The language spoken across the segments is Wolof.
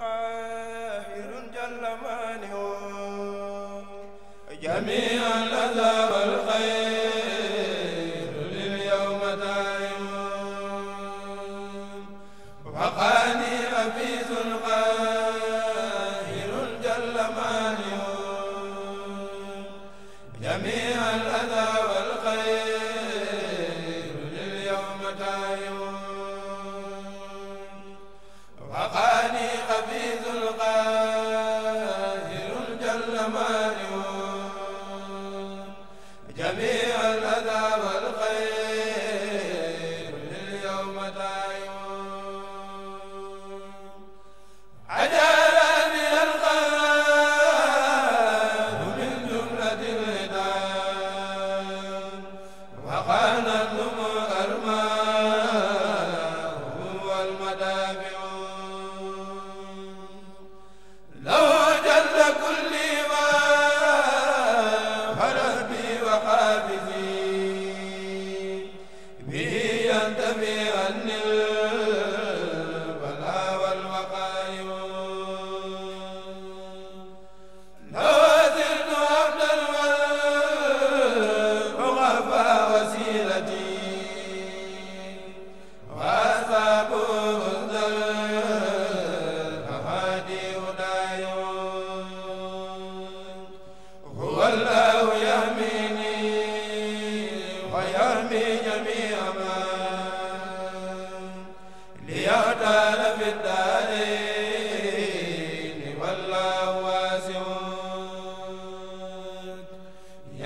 قاهر جل مانع جميعا wa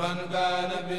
man kaana bi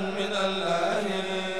من الله